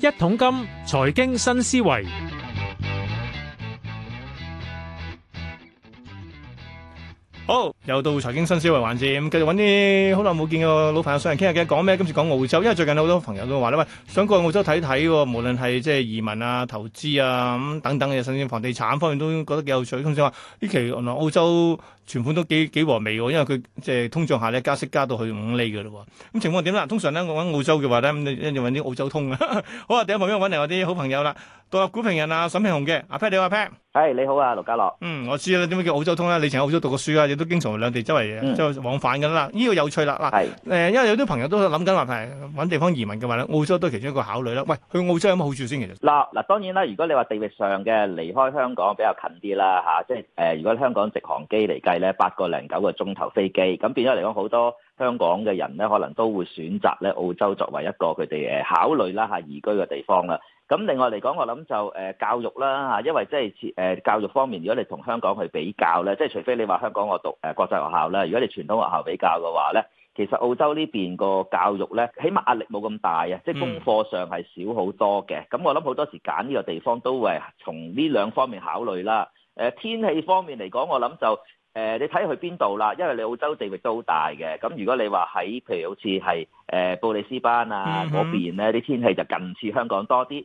一桶金財經新思維。Oh. 又到財經新思維環節，繼續揾啲好耐冇見嘅老朋友上嚟傾下偈，講咩？今次講澳洲，因為最近好多朋友都話喂，想過去澳洲睇睇喎。無論係即係移民啊、投資啊咁等等嘅，甚至房地產方面都覺得幾有趣。通常話呢期可能澳洲存款都幾幾和味喎、啊，因為佢即係通脹下咧，加息加到去五厘嘅嘞。咁情況點啦？通常咧，我揾澳洲嘅話呢，咁一就揾啲澳洲通嘅、啊。 好啊，第一旁邊揾嚟我啲好朋友啦，到係股評人啊，沈慶洪嘅。阿 Pat 你話 Pat，hey, 你好啊，盧家樂。嗯，我知啦，點解叫澳洲通咧、啊？你喺澳洲讀過書啊，亦、啊、都經常。兩地周圍、嗯、周圍往返緊啦，呢、這個有趣啦。嗱是，誒，因為有啲朋友都諗緊話題，揾地方移民嘅話咧，澳洲都係其中一個考慮啦。喂，去澳洲有乜好處先其實？嗱嗱，當然啦，如果你話地域上嘅離開香港比較近啲啦嚇，即係誒、呃，如果香港直航機嚟計咧，八個零九個鐘頭飛機，咁變咗嚟講，好多香港嘅人咧，可能都會選擇咧澳洲作為一個佢哋誒考慮啦嚇，移居嘅地方啦。咁另外嚟講，我諗就誒、呃、教育啦嚇，因為即係誒教育方面，如果你同香港去比較咧，即係除非你話香港我讀誒、呃、國際學校啦，如果你傳統學校比較嘅話咧，其實澳洲呢邊個教育咧，起碼壓力冇咁大啊，即係功課上係少好多嘅。咁、嗯、我諗好多時揀呢個地方都會從呢兩方面考慮啦。誒、呃、天氣方面嚟講，我諗就誒、呃、你睇去邊度啦，因為你澳洲地域都好大嘅。咁如果你話喺譬如好似係誒布里斯班啊嗰邊咧，啲、嗯、天氣就近似香港多啲。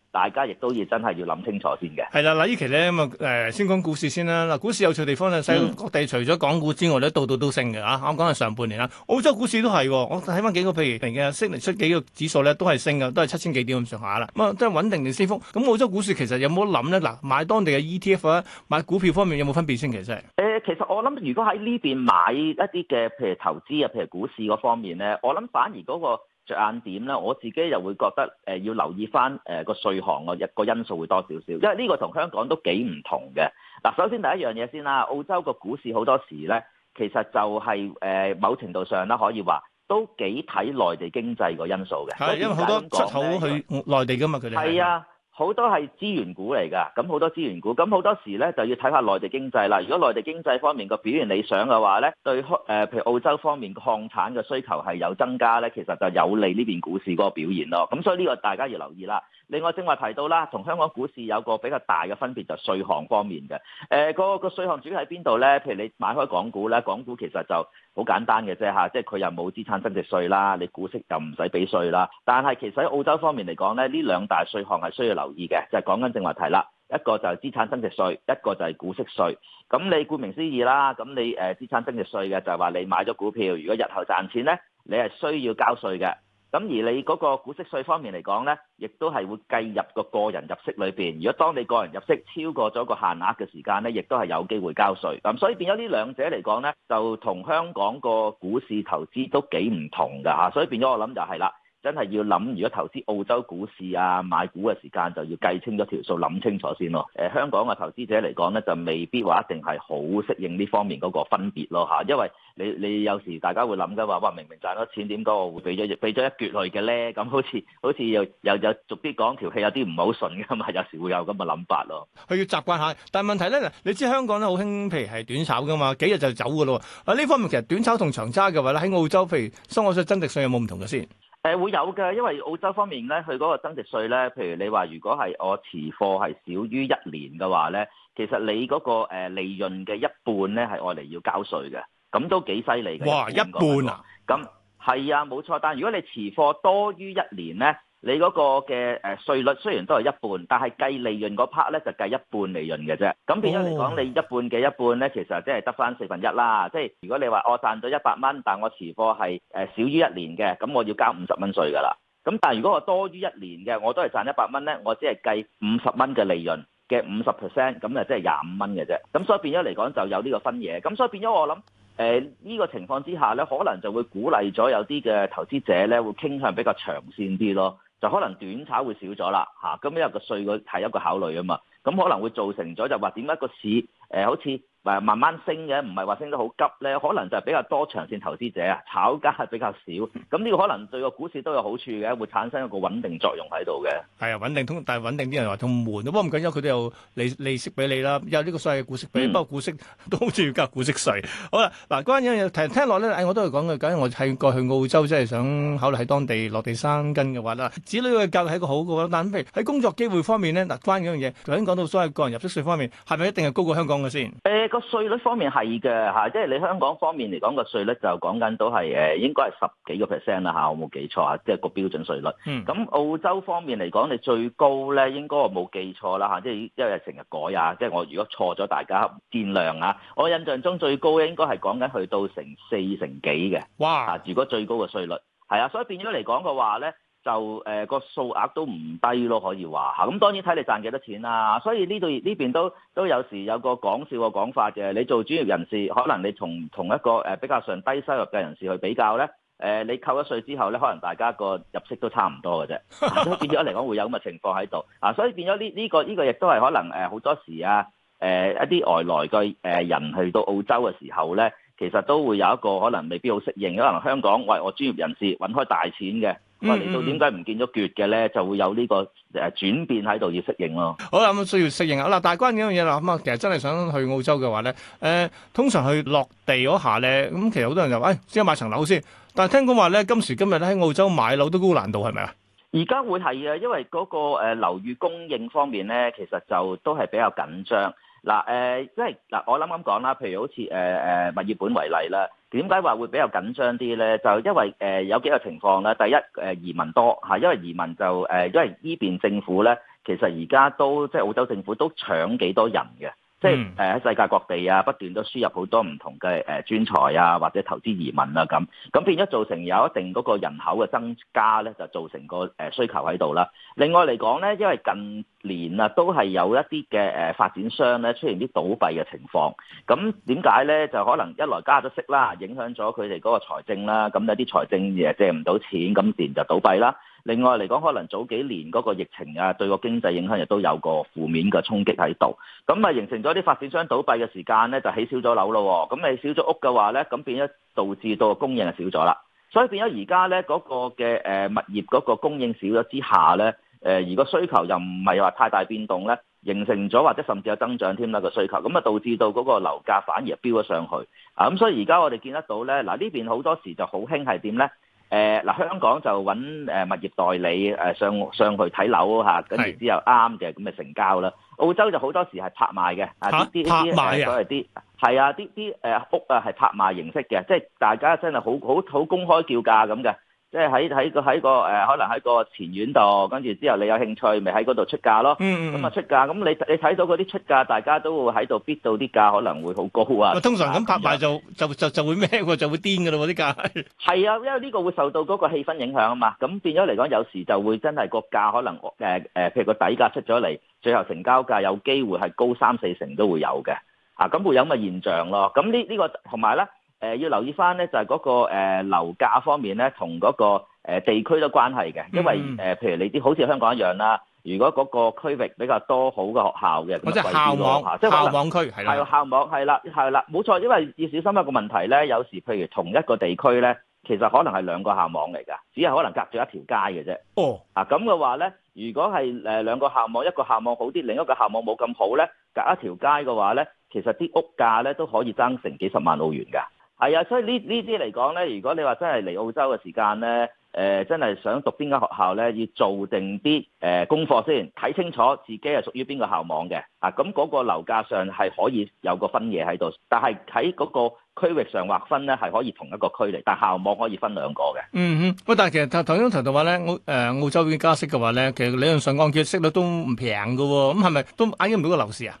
大家亦都要真係要諗清楚先嘅。係啦，嗱，呢期咧咁啊，誒，先講股市先啦。嗱，股市有趣地方咧，嗯、係各地除咗港股之外咧，度度都升嘅吓、啊。我講係上半年啦，澳洲股市都係、啊。我睇翻，幾個，譬如嚟嘅悉尼出幾個指數咧，都係升嘅，都係七千幾點咁上下啦。咁、嗯、啊，都係穩定定升幅。咁、嗯、澳洲股市其實有冇諗咧？嗱，買當地嘅 E T F 啊，買股票方面有冇分別先？其實誒，其實我諗，如果喺呢邊買一啲嘅，譬如投資啊，譬如股市嗰方面咧，我諗反而嗰、嗰個。着眼點啦，我自己又會覺得誒、呃、要留意翻誒個稅項個一個、呃、因素會多少少，因為呢個同香港都幾唔同嘅。嗱，首先第一樣嘢先啦，澳洲個股市好多時咧，其實就係、是、誒、呃、某程度上咧可以話都幾睇內地經濟個因素嘅，因為好多出口去內地噶嘛，佢哋係啊。的好多係資源股嚟噶，咁好多資源股，咁好多時咧就要睇下內地經濟啦。如果內地經濟方面個表現理想嘅話咧，對開誒，譬如澳洲方面礦產嘅需求係有增加咧，其實就有利呢邊股市嗰個表現咯。咁所以呢個大家要留意啦。另外正話提到啦，同香港股市有個比較大嘅分別就係稅項方面嘅。誒、呃、那個個稅項主要喺邊度咧？譬如你買開港股咧，港股其實就，好簡單嘅啫嚇，即係佢又冇資產增值稅啦，你股息就唔使俾稅啦。但係其實喺澳洲方面嚟講咧，呢兩大稅項係需要留意嘅，就係講緊正話題啦。一個就係資產增值稅，一個就係股息稅。咁你顧名思義啦，咁你誒資產增值稅嘅就係話你買咗股票，如果日後賺錢咧，你係需要交稅嘅。咁而你嗰個股息稅方面嚟講呢，亦都係會計入個個人入息裏邊。如果當你個人入息超過咗個限額嘅時間呢，亦都係有機會交稅。咁所以變咗呢兩者嚟講呢，就同香港個股市投資都幾唔同噶嚇。所以變咗我諗就係啦。真係要諗，如果投資澳洲股市啊買股嘅時間，就要計清咗條數，諗清楚先咯。誒、呃，香港嘅投資者嚟講咧，就未必話一定係好適應呢方面嗰個分別咯嚇，因為你你有時大家會諗嘅話，哇明明賺咗錢，點解我會俾咗俾咗一撅去嘅咧？咁好似好似又又又逐啲講條氣，有啲唔係好順㗎嘛。有時會有咁嘅諗法咯。佢要習慣下，但係問題咧，你知香港咧好興，譬如係短炒㗎嘛，幾日就走㗎咯。啊，呢方面其實短炒同長揸嘅話咧，喺澳洲，譬如生活上、增值上有冇唔同嘅先？誒，會有嘅，因為澳洲方面咧，佢嗰個增值稅咧，譬如你話如果係我持貨係少於一年嘅話咧，其實你嗰個誒利潤嘅一半咧係我嚟，要交稅嘅，咁都幾犀利嘅。哇，一半，一半啊？咁係啊，冇錯。但係如果你持貨多於一年咧？你嗰個嘅誒稅率雖然都係一半，但係計利潤嗰 part 咧就計一半利潤嘅啫。咁變咗嚟講，你一半嘅一半咧，其實即係得翻四分一啦。即係如果你話我賺咗一百蚊，但我持貨係誒少於一年嘅，咁我要交五十蚊稅㗎啦。咁但係如果我多於一年嘅，我都係賺一百蚊咧，我只係計五十蚊嘅利潤嘅五十 percent，咁啊即係廿五蚊嘅啫。咁所以變咗嚟講就有呢個分嘢。咁所以變咗我諗誒呢個情況之下咧，可能就會鼓勵咗有啲嘅投資者咧，會傾向比較長線啲咯。就可能短炒會少咗啦，嚇，咁因為個稅個係一個考慮啊嘛，咁可能會造成咗就話點解個市誒、呃、好似。咪慢慢升嘅，唔係話升得好急咧，可能就係比較多長線投資者啊，炒家係比較少。咁呢個可能對個股市都有好處嘅，會產生一個穩定作用喺度嘅。係啊，穩定通，但係穩定啲人話仲悶。不過唔緊要，佢都有利利息俾你啦。有呢個所謂嘅股息，不過股息都好似要交股息稅。好啦，嗱，關於一樣嘢，其實聽落咧，唉，我都係講嘅。假如我係過去澳洲，即係想考慮喺當地落地生根嘅話啦，子女嘅教育係一個好嘅。但係譬如喺工作機會方面咧，嗱，關於一樣嘢，頭先講到所謂個人入息稅方面，係咪一定係高過香港嘅先？誒。個稅率方面係嘅嚇，即係你香港方面嚟講個稅率就講緊都係誒，應該係十幾個 percent 啦嚇，我冇記錯啊，即係個標準稅率。咁、嗯、澳洲方面嚟講，你最高咧應該我冇記錯啦嚇，即係因為成日改啊，即係我如果錯咗大家見諒啊。我印象中最高咧應該係講緊去到成四成幾嘅。哇！啊，如果最高嘅稅率係啊，所以變咗嚟講嘅話咧。就誒、呃，那個數額都唔低咯，可以話嚇。咁、啊、當然睇你賺幾多錢啦、啊。所以呢度呢邊都都有時有個講笑嘅講法嘅。你做專業人士，可能你從同一個誒、呃、比較上低收入嘅人士去比較咧，誒、呃、你扣咗稅之後咧，可能大家個入息都差唔多嘅啫。咁變咗嚟講，會有咁嘅情況喺度啊。所以變咗呢呢個呢、呢個亦都係可能誒好、呃、多時啊誒、呃、一啲外來嘅誒人去到澳洲嘅時候咧。其實都會有一個可能未必好適應，可能香港，喂，我專業人士揾開大錢嘅，咁啊嚟到點解唔見咗絕嘅咧？就會有呢個誒轉變喺度要適應咯。好啦，咁需要適應啊啦，但關於呢樣嘢啦。咁啊，其實真係想去澳洲嘅話咧，誒通常去落地嗰下咧，咁其實好多人就誒先買層樓先。但係聽講話咧，今時今日咧喺澳洲買樓都高難度，係咪啊？而家會係啊，因為嗰個誒樓宇供應方面咧，其實就都係比較緊張。嗱誒，即係嗱，我啱啱講啦，譬如好似誒誒物業本為例啦，點解話會比較緊張啲咧？就因為誒、啊、有幾個情況啦，第一誒、啊、移民多嚇、啊，因為移民就誒、啊，因為呢邊政府咧，其實而家都即係澳洲政府都搶幾多人嘅。即係誒喺世界各地啊，不斷都輸入好多唔同嘅誒專才啊，或者投資移民啊咁，咁變咗造成有一定嗰個人口嘅增加咧，就造成個誒需求喺度啦。另外嚟講咧，因為近年啊，都係有一啲嘅誒發展商咧出現啲倒閉嘅情況，咁點解咧？就可能一來加咗息啦，影響咗佢哋嗰個財政啦，咁有啲財政嘢借唔到錢，咁自然就倒閉啦。另外嚟講，可能早幾年嗰個疫情啊，對個經濟影響亦都有個負面嘅衝擊喺度。咁啊，形成咗啲發展商倒閉嘅時間咧，就起少咗樓咯。咁你少咗屋嘅話咧，咁變咗導致到供應就少咗啦。所以變咗而家咧，嗰個嘅誒物業嗰個供應少咗之下咧，誒而個需求又唔係話太大變動咧，形成咗或者甚至有增長添啦個需求。咁啊，導致到嗰個樓價反而飆咗上去啊！咁所以而家我哋見得到咧，嗱呢邊好多時就好興係點咧？誒嗱、呃，香港就揾誒、呃、物業代理誒、呃、上上去睇樓嚇，跟住之後啱嘅咁咪成交啦。澳洲就好多時係拍賣嘅，嚇啲拍賣啊，所謂啲係啊，啲啲誒屋啊係拍賣形式嘅，即係大家真係好好好公開叫價咁嘅。即係喺喺個喺個誒，可能喺個前院度，跟住之後你有興趣，咪喺嗰度出價咯。咁啊出價，咁你你睇到嗰啲出價，大家都會喺度逼到啲價，可能會好高啊！通常咁拍賣就就就就會咩喎？就會癲㗎咯啲價。係啊，因為呢個會受到嗰個氣氛影響啊嘛。咁變咗嚟講，有時就會真係個價可能誒誒，譬如個底價出咗嚟，最後成交價有機會係高三四成都會有嘅。啊，咁會有咁嘅現象咯。咁呢呢個同埋咧。誒、呃，要留意翻咧，就係、是、嗰、那個誒樓價方面咧，同嗰、那個誒、呃、地區都關係嘅。因為誒、嗯呃，譬如你啲好似香港一樣啦，如果嗰個區域比較多好嘅學校嘅，我、哦、即係校網校即係校網區係啦，係校網係啦，係啦，冇錯。因為要小心一個問題咧，有時譬如同一個地區咧，其實可能係兩個校網嚟噶，只係可能隔住一條街嘅啫。哦，吓咁嘅話咧，如果係誒兩個校網，一個校網好啲，另一個校網冇咁好咧，隔一條街嘅話咧，其實啲屋價咧都可以爭成幾十，幾十萬澳元噶。係啊、哎，所以呢呢啲嚟講咧，如果你話真係嚟澳洲嘅時間咧，誒、呃、真係想讀邊間學校咧，要做定啲誒、呃、功課先，睇清楚自己係屬於邊個校網嘅。啊，咁、嗯、嗰、那個樓價上係可以有個分野喺度，但係喺嗰個區域上劃分咧係可以同一個區嚟，但校網可以分兩個嘅。嗯嗯，喂，但係其實頭頭先頭度話咧，澳誒澳洲要加息嘅話咧，其實理論上按揭息率都唔平㗎喎，咁係咪都壓唔到個樓市啊？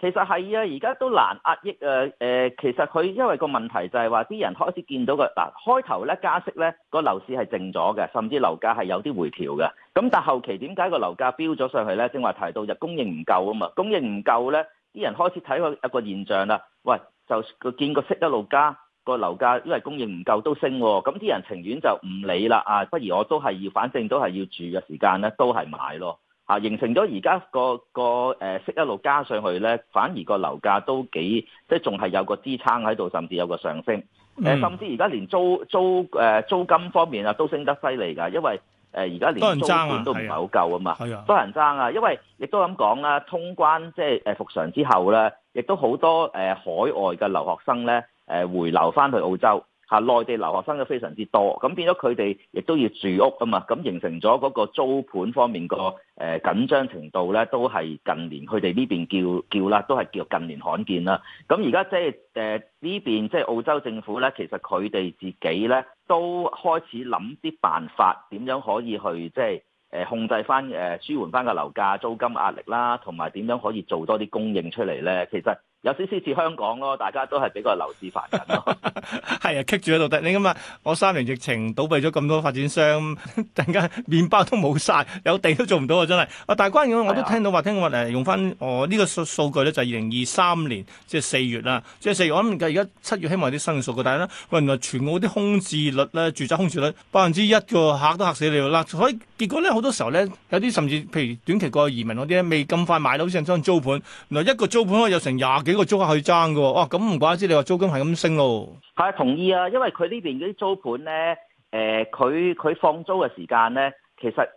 其實係啊，而家都難壓抑啊！誒、呃，其實佢因為個問題就係話啲人開始見到、個嗱開頭咧加息咧、個樓市係靜咗嘅，甚至樓價係有啲回調嘅。咁但後期點解個樓價飆咗上去咧？正話提到就供應唔夠啊嘛，供應唔夠咧，啲人開始睇佢一個現象啦。喂，就見個息一路加，個樓價因為供應唔夠都升、啊，咁啲人情願就唔理啦啊！不如我都係要，反正都係要住嘅時間咧，都係買咯。啊，形成咗而家個個誒息，息一路加上去咧，反而個樓價都幾，即係仲係有個支撐喺度，甚至有個上升。誒、嗯，甚至而家連租租誒租金方面啊，都升得犀利㗎，因為誒而家連租盤都唔係好夠啊嘛，係啊，啊啊多人爭啊，因為亦都咁講啦，通關即係誒復常之後咧，亦都好多誒海外嘅留學生咧誒回流返去澳洲。啊！內地留學生都非常之多，咁變咗佢哋亦都要住屋啊嘛，咁形成咗嗰個租盤方面個誒緊張程度咧，都係近年佢哋呢邊叫叫啦，都係叫近年罕見啦。咁而家即係誒呢邊即係澳洲政府咧，其實佢哋自己咧都開始諗啲辦法，點樣可以去即係誒控制返誒舒緩返個樓價租金壓力啦，同埋點樣可以做多啲供應出嚟咧？其實。有少少似香港咯，大家都係比較樓市煩人咯。係 啊，棘住喺度得。你咁啊，我三年疫情倒閉咗咁多發展商，突然間麵包都冇晒，有地都做唔到啊！真係啊，但係關鍵我都聽到話、啊，聽聞用翻我呢個數數據咧，就係二零二三年即係四月啦，即係四月我諗計，而家七月希望啲新嘅數據，但係咧原來全澳啲空置率咧，住宅空置率百分之一個客都嚇死你啦！所以結果咧，好多時候咧，有啲甚至譬如短期過去移民嗰啲咧，未咁快買樓先想裝租盤，原來一個租盤可以有成廿幾呢個租客去爭嘅喎，哇！咁唔怪之，你話租金係咁升咯？係同意啊，因為佢呢邊嗰啲租盤咧，誒，佢佢放租嘅時間咧，其實誒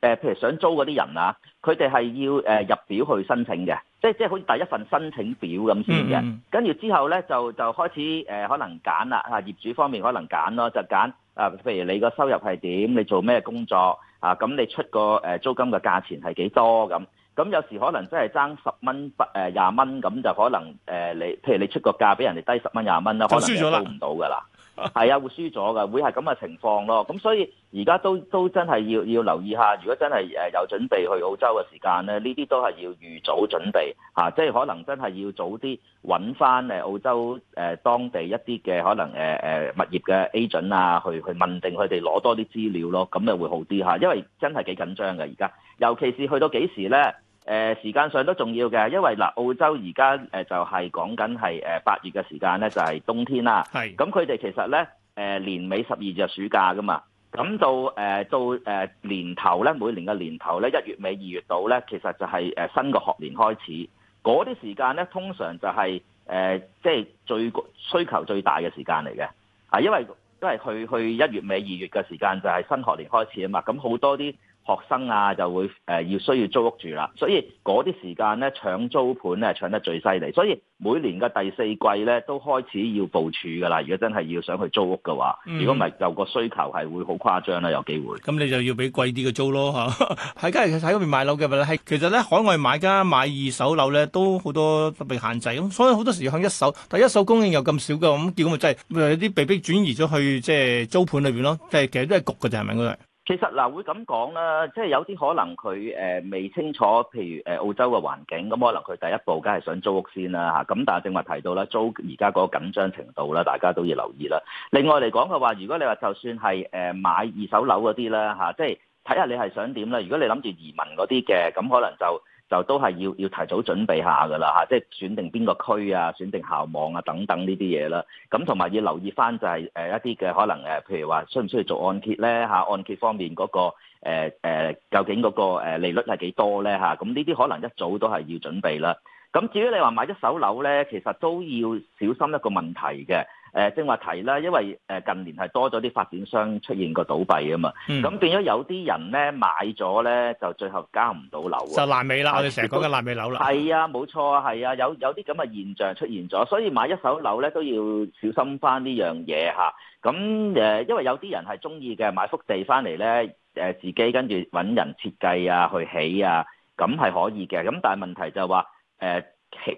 要誒，譬如想租嗰啲人啊，佢哋係要誒入表去申請嘅，即即係好似第一份申請表咁先嘅。跟住之後咧，就就開始誒可能揀啦嚇，業主方面可能揀咯，就揀啊，譬如你個收入係點，你做咩工作啊？咁你出個誒租金嘅價錢係幾多咁？咁有時可能真係爭十蚊不誒廿蚊，咁、呃、就可能誒你、呃，譬如你出個價畀人哋低十蚊廿蚊啦，就輸咗啦。唔到㗎啦，係啊， 會輸咗㗎，會係咁嘅情況咯。咁所以而家都都真係要要留意下，如果真係誒有準備去澳洲嘅時間咧，呢啲都係要預早準備嚇、啊，即係可能真係要早啲搵返誒澳洲誒、呃、當地一啲嘅可能誒誒、呃、物業嘅 agent 準啊，去去問定佢哋攞多啲資料咯，咁咪會好啲嚇，因為真係幾緊張㗎而家，尤其是去到幾時咧？誒時間上都重要嘅，因為嗱、呃、澳洲而家誒就係、是、講緊係誒八月嘅時間咧，就係、是、冬天啦。係咁佢哋其實咧誒、呃、年尾十二月就暑假㗎嘛，咁到誒、呃、到誒年頭咧，每年嘅年頭咧一月尾二月到咧，其實就係誒新嘅學年開始，嗰啲時間咧通常就係誒即係最需求最大嘅時間嚟嘅啊，因為因為去去一月尾二月嘅時間就係新學年開始啊嘛，咁好多啲。學生啊，就會誒要、呃、需要租屋住啦，所以嗰啲時間咧搶租盤咧搶得最犀利，所以每年嘅第四季咧都開始要部署噶啦。如果真係要想去租屋嘅話，如果唔係有個需求係會好誇張啦、啊，有機會。咁、嗯、你就要俾貴啲嘅租咯嚇。喺梗係喺嗰邊買樓嘅，但係其實咧海外買家買二手樓咧都好多特別限制咁，所以好多時要向一手，但一手供應又咁少嘅，咁、嗯、結果咪即係有啲被迫轉移咗去即係租盤裏邊咯。即係其實都係焗嘅就係咪度？是其實嗱，會咁講啦，即係有啲可能佢誒未清楚，譬如誒澳洲嘅環境，咁可能佢第一步梗係想租屋先啦嚇。咁但係正話提到啦，租而家嗰個緊張程度啦，大家都要留意啦。另外嚟講嘅話，如果你話就算係誒買二手樓嗰啲啦嚇，即係睇下你係想點啦。如果你諗住移民嗰啲嘅，咁可能就。就都係要要提早準備下噶啦嚇，即係選定邊個區啊、選定校網啊等等呢啲嘢啦。咁同埋要留意翻就係誒一啲嘅可能誒，譬如話需唔需要做按揭咧嚇？按揭方面嗰、嗰個誒、呃、究竟嗰個誒利率係幾多咧嚇？咁呢啲可能一早都係要準備啦。咁至於你話買一手樓咧，其實都要小心一個問題嘅。誒，正話提啦，因為誒近年係多咗啲發展商出現個倒閉啊嘛，咁變咗有啲人咧買咗咧，就最後交唔到樓喎，就爛尾啦！我哋成日講嘅爛尾樓啦，係啊，冇錯啊，係啊，有有啲咁嘅現象出現咗，所以買一手樓咧都要小心翻呢樣嘢嚇。咁誒，因為有啲人係中意嘅，買幅地翻嚟咧，誒自己跟住揾人設計啊，去起啊，咁係可以嘅。咁但係問題就話誒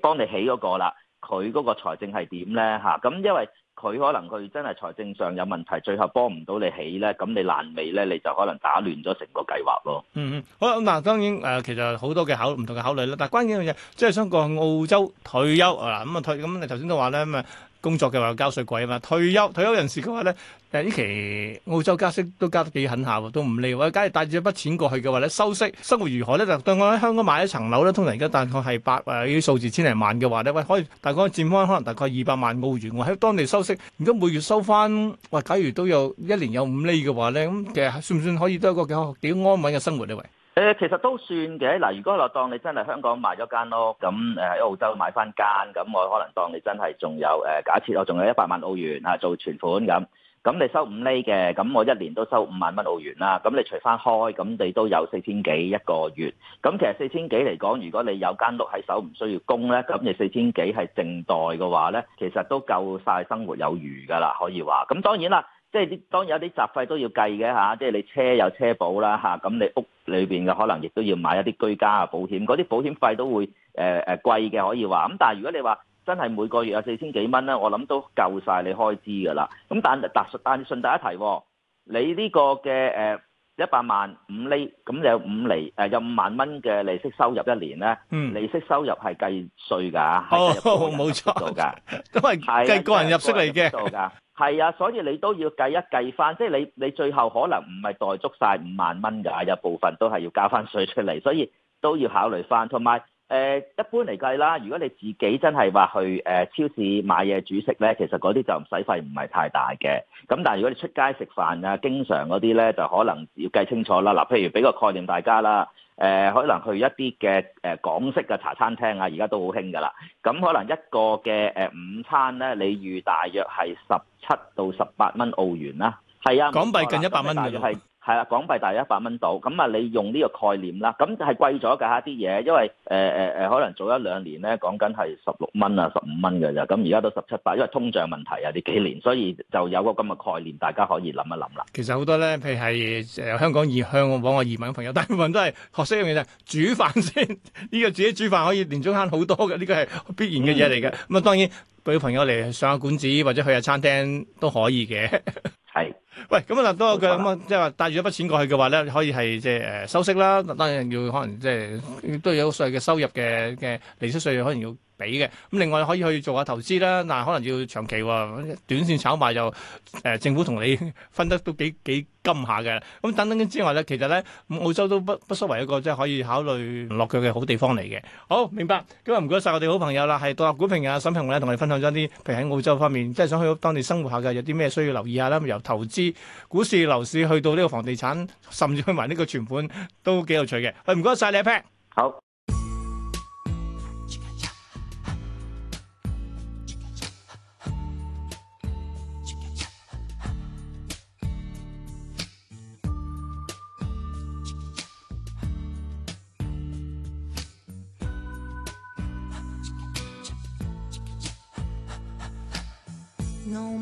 幫你起嗰個啦，佢嗰個財政係點咧嚇？咁因為佢可能佢真係財政上有問題，最後幫唔到你起咧，咁你爛尾咧，你就可能打亂咗成個計劃咯。嗯嗯，好啦，嗱、嗯、當然誒、呃，其實好多嘅考唔同嘅考慮啦。但係關鍵嘅嘢，即係想講澳洲退休啊，咁、嗯、啊退，咁你頭先都話咧咁啊。嗯工作嘅話有交稅貴啊嘛，退休退休人士嘅話咧，誒呢期澳洲加息都加得幾狠下喎，都唔利喎。假如帶住一筆錢過去嘅話咧，收息生活如何咧？就對我喺香港買一層樓咧，通常而家大概係八誒啲數字千零萬嘅話咧，喂、哎、可以大概佔翻可能大概二百萬澳元喎，喺、哎、當地收息，如果每月收翻，喂、哎、假如都有一年有五厘嘅話咧，咁其實算唔算可以都係一個幾好安穩嘅生活咧？喂？誒其實都算嘅嗱，如果我當你真係香港賣咗間屋，咁誒喺澳洲買翻間，咁我可能當你真係仲有誒，假設我仲有一百萬澳元啊做存款咁，咁你收五厘嘅，咁我一年都收五萬蚊澳元啦。咁你除翻開，咁你都有四千幾一個月。咁其實四千幾嚟講，如果你有間屋喺手唔需要供咧，咁你四千幾係淨代嘅話咧，其實都夠曬生活有餘㗎啦，可以話。咁當然啦。即係啲當然有啲雜費都要計嘅嚇，即係你車有車保啦嚇，咁、啊、你屋裏邊嘅可能亦都要買一啲居家啊保險，嗰啲保險費都會誒誒、呃啊、貴嘅可以話。咁但係如果你話真係每個月有四千幾蚊咧，我諗都夠晒你開支㗎啦，咁但但但係順帶一提、哦，你呢個嘅誒。呃一百萬五厘，咁有五厘，誒有五萬蚊嘅利息收入一年咧，利息收入係計稅㗎。好，冇錯㗎，都係計個人入息嚟嘅。係啊，所以你都要計一計翻，即係你你最後可能唔係袋足晒五萬蚊㗎，有部分都係要交翻稅出嚟，所以都要考慮翻，同埋。誒、呃、一般嚟計啦，如果你自己真係話去誒、呃、超市買嘢煮食咧，其實嗰啲就唔使費，唔係太大嘅。咁但係如果你出街食飯啊，經常嗰啲咧，就可能要計清楚啦。嗱、呃，譬如俾個概念大家啦，誒、呃、可能去一啲嘅誒港式嘅茶餐廳啊，而家都好興㗎啦。咁、嗯、可能一個嘅誒午餐咧，你預大約係十七到十八蚊澳元啦。係啊，港幣近一百蚊㗎喎。係啦，港幣大約一百蚊到，咁啊，你用呢個概念啦，咁係貴咗㗎啲嘢，因為誒誒誒，可能早一兩年咧講緊係十六蚊啊十五蚊㗎咋，咁而家都十七八，因為通脹問題啊，呢幾年，所以就有個咁嘅概念，大家可以諗一諗啦。其實好多咧，譬如係誒香港移向往我移民朋友，大部分都係學識一樣嘢，煮飯先，呢 個自己煮飯可以年中慳好多嘅，呢、這個係必然嘅嘢嚟嘅。咁啊、嗯，當然俾朋友嚟上下館子或者去下餐廳都可以嘅。 喂，咁、嗯、啊，嗱，當佢咁啊，即係話帶住一筆錢過去嘅話咧，可以係即係誒收息啦，當然要可能即係、就是、都有所謂嘅收入嘅嘅利息稅，可能要。俾嘅，咁另外可以去做下投資啦。嗱，可能要長期喎，短線炒賣就誒、呃、政府同你分 得都幾幾金下嘅。咁、嗯、等等之外咧，其實咧澳洲都不不失為一個即係可以考慮落腳嘅好地方嚟嘅。好，明白。咁啊，唔該晒我哋好朋友啦，係獨立股評人沈平咧同你分享咗啲譬如喺澳洲方面，即係想去當地生活下嘅，有啲咩需要留意下啦。由投資股市、樓市去到呢個房地產，甚至去埋呢個存款都幾有趣嘅。唔該晒你，阿 Pat。好。